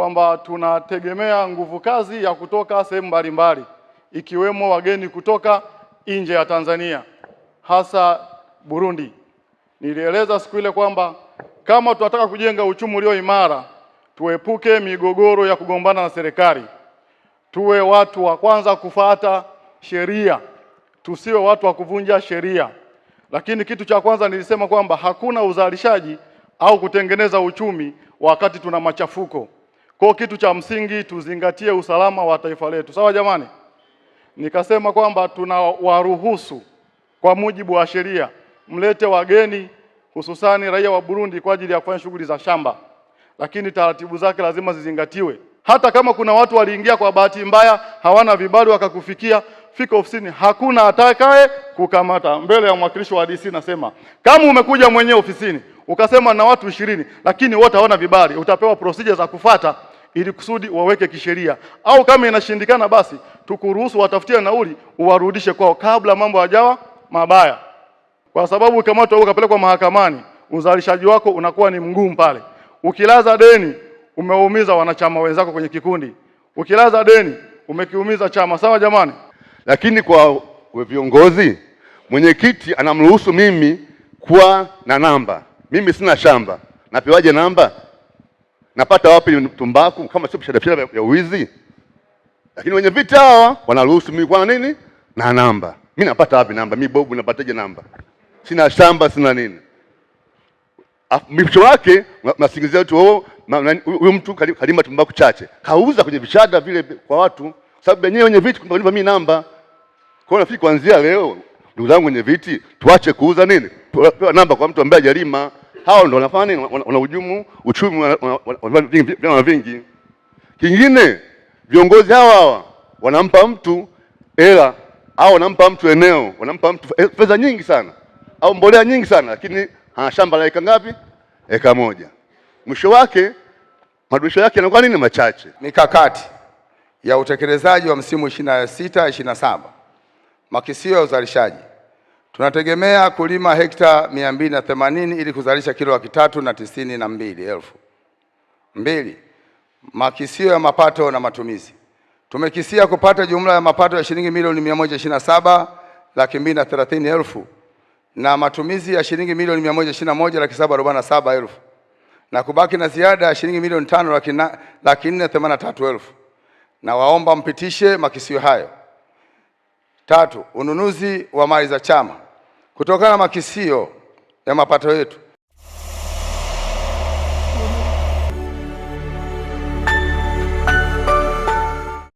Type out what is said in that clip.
kwamba tunategemea nguvu kazi ya kutoka sehemu mbalimbali ikiwemo wageni kutoka nje ya Tanzania hasa Burundi. Nilieleza siku ile kwamba kama tunataka kujenga uchumi ulio imara, tuepuke migogoro ya kugombana na serikali, tuwe watu wa kwanza kufuata sheria, tusiwe watu wa kuvunja sheria. Lakini kitu cha kwanza nilisema kwamba hakuna uzalishaji au kutengeneza uchumi wakati tuna machafuko. Kwa kitu cha msingi tuzingatie usalama wa taifa letu, sawa jamani? Nikasema kwamba tunawaruhusu kwa mujibu wa sheria mlete wageni hususani raia wa Burundi kwa ajili ya kufanya shughuli za shamba, lakini taratibu zake lazima zizingatiwe. Hata kama kuna watu waliingia kwa bahati mbaya, hawana vibali wakakufikia, fika ofisini, hakuna atakaye kukamata. Mbele ya mwakilishi wa DC nasema kama umekuja mwenyewe ofisini ukasema na watu ishirini, lakini wote hawana vibali, utapewa procedure za kufata ili kusudi waweke kisheria, au kama inashindikana, basi tukuruhusu watafutie nauli uwarudishe kwao kabla mambo hajawa mabaya, kwa sababu ukamatwa ukapelekwa mahakamani, uzalishaji wako unakuwa ni mgumu pale. Ukilaza deni umeumiza wanachama wenzako kwenye kikundi, ukilaza deni umekiumiza chama. Sawa jamani. Lakini kwa viongozi, mwenyekiti anamruhusu mimi kuwa na namba. Mimi sina shamba, napewaje namba? napata wapi tumbaku kama sio biashara ya uwizi? Lakini wenye vita hawa wanaruhusu mimi kwa nini na namba. Mimi napata wapi namba? Mimi bobu napataje namba? Sina shamba, sina nini. Mwisho wake nasingizia watu wao, oh, huyo mtu kalima tumbaku chache, kauza kwenye vishada vile kwa watu, sababu wenyewe wenye viti kunipa mimi namba. Kwa hiyo nafikiri kuanzia leo, ndugu zangu wenye viti, tuache kuuza nini, pewa namba kwa mtu ambaye hajalima hao ndio wanafanya nini? Wanahujumu uchumi, vyama vingi. Kingine, viongozi hawa hawa wanampa mtu hela au wanampa mtu eneo, wanampa mtu fedha nyingi sana au mbolea nyingi sana, lakini ana shamba la eka ngapi? Eka moja. Mwisho wake madurisho yake yanakuwa nini? Machache. Mikakati ya utekelezaji wa msimu 26 27 makisio ya uzalishaji Tunategemea kulima hekta 280 ili kuzalisha kilo laki tatu na tisini na mbili elfu. Mbili, makisio ya mapato na matumizi. Tumekisia kupata jumla ya mapato ya shilingi milioni 127 laki mbili na thelathini elfu na matumizi ya shilingi milioni 121 laki saba arobaini na saba elfu na kubaki na ziada ya shilingi milioni tano laki nne themanini na tatu elfu na waomba mpitishe makisio hayo. Tatu, ununuzi wa mali za chama kutokana na makisio ya mapato yetu